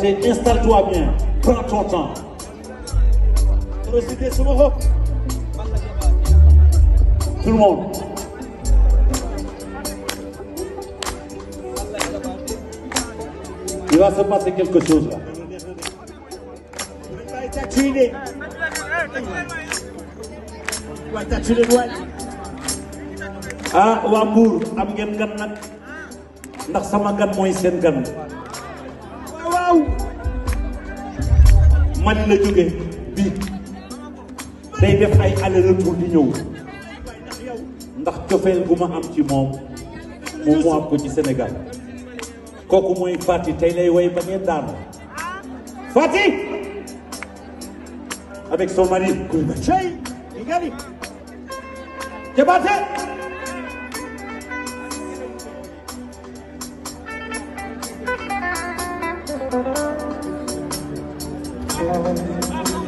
dire, installe-toi bien. Prends ton temps. Tout le monde. Il va se passer quelque chose là. Ah, Wambour, am Ah, gan ndax sama gan mooy seen gan waaw man la jóge bi day def ay aller retour di ñëw ndax cofeel gu ma am ci moom moom mu am ko ci Sénégal kooku mooy Fati tey lay way ba ngeen daanu Fati avec son mari Koulibaly Cheikh Digali Diabaté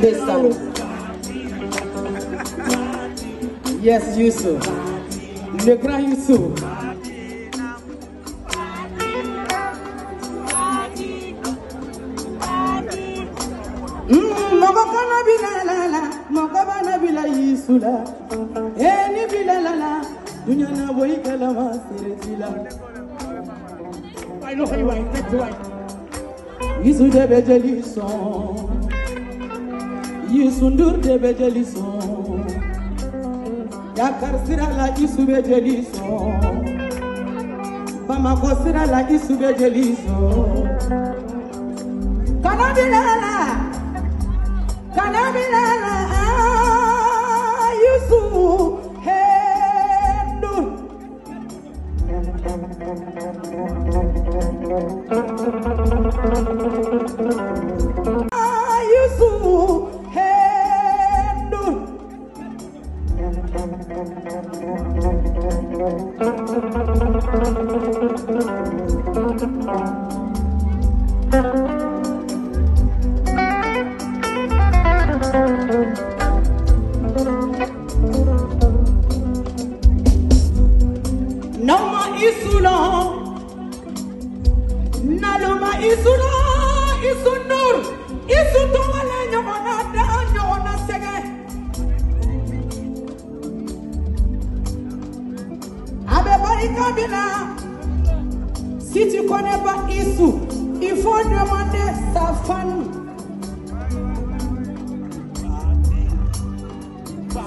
Testament. Yes, Yusuf. Le grand Yusuf. Mogobana mm, bila la la, mogobana bila yisula. Eni bila la na boy kalama siretila. I know how you are, that's why. Yisuje bejeli song. Youssou Ndour Débé so, Dakar sira la Youssou so, Dialisson Bamako sira la Youssou be Dialisson Kana bilala Kana bilala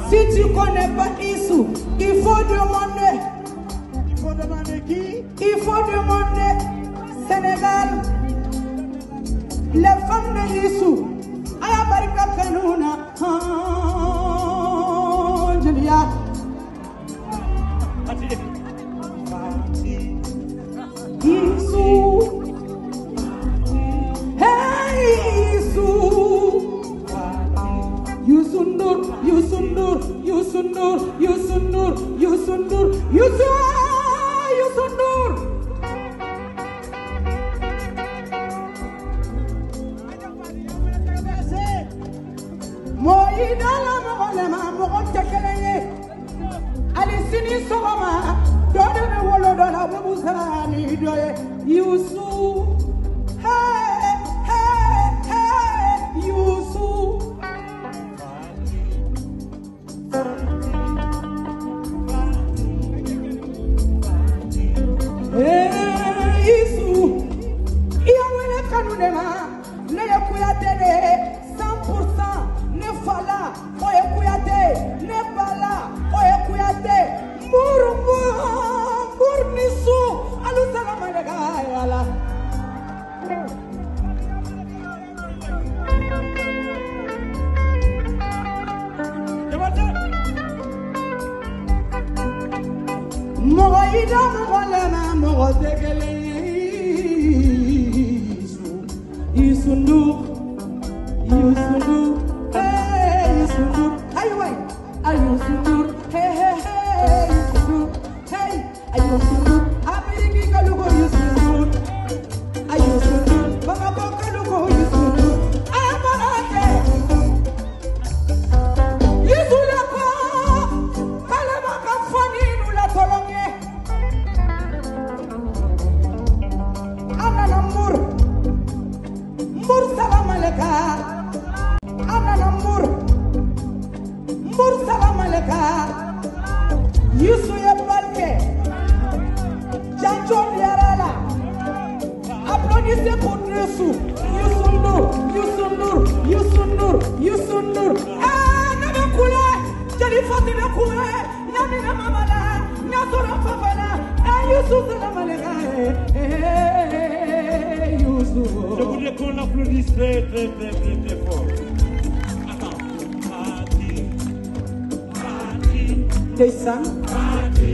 Si tu connais pas Issou, il faut demander. Il faut demander qui Il faut demander Sénégal. Les femmes de Issou. Ayabarika Kanouna. Yusuf Nur, Yusuf Nur, Yusuf Mogoida mogolema mogotekele Isu Isu Ndu Isu Ndu Hey Isu Ndu Ayo way Ayo Isunduk produit très, très, très, très, fort. Attends. Parti, parti. Jason. Parti.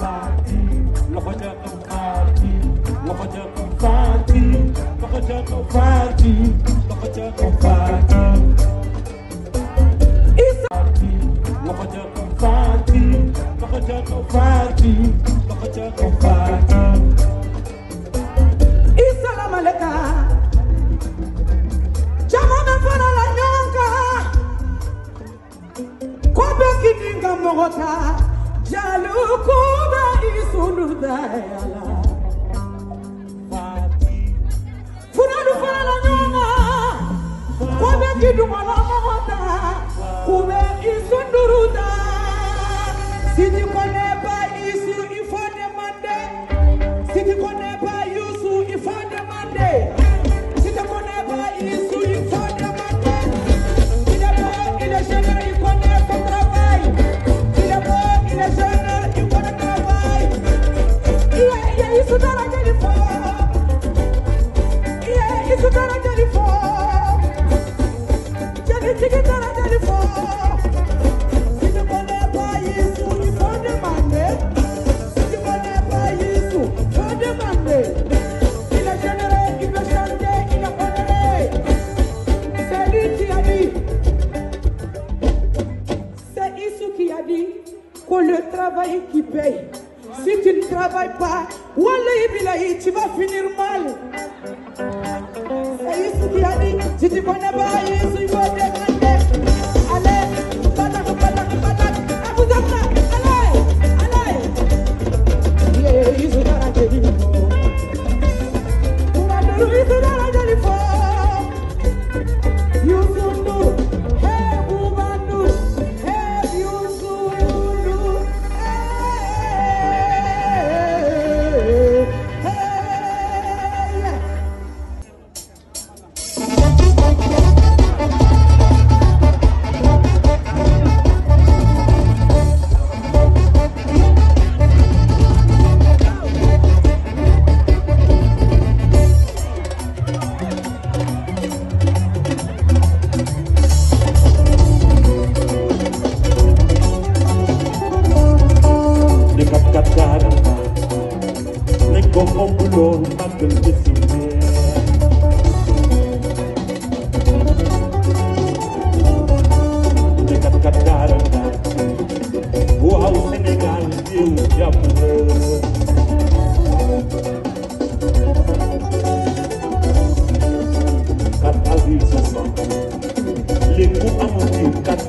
Isa. lokojako party, lokojako party, lokojako party, dayala fati funa du fana la ɲɔgɔn kan ko bɛ sniper wallahi bilahi tiba finir mal sayyidu kiyadi les coups à mon fil, 4,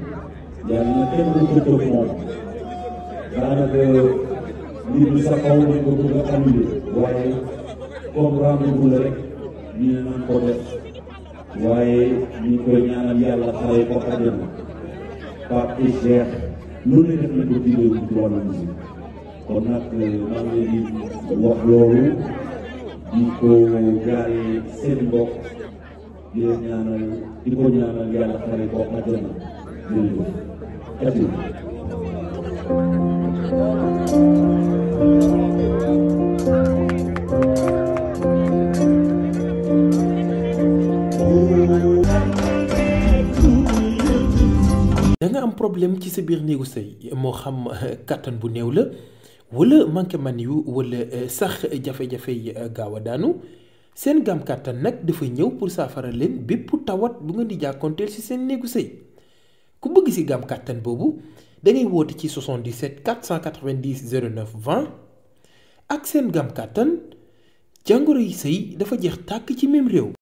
yàlla kenn du ko jël moom daanaka mbir mi sa kaw nañ ko bëgg a annulé waaye comme rendez-vous la rek ñu ne nan ko def waaye ñu di wax loolu di di leen ñaanal di ko ñaanal yàlla danga am problème ci sa biir néegu sëy moo xam kàttan bu néew la walla manqué man yu wala eh, sax jafe-jafe eh, gaaw a daanu seen gaam kàttan nag dafa ñëw pour saafara leen bépp tawat bu nga di jàkkoonteel ci seen néegu sëy ku bëgg si gam kàttan boobu da ngay woote ci 77 490 09 20 ak seen gam kàttan jàngoro yi sëy dafa jeex tàkk ci mim réew.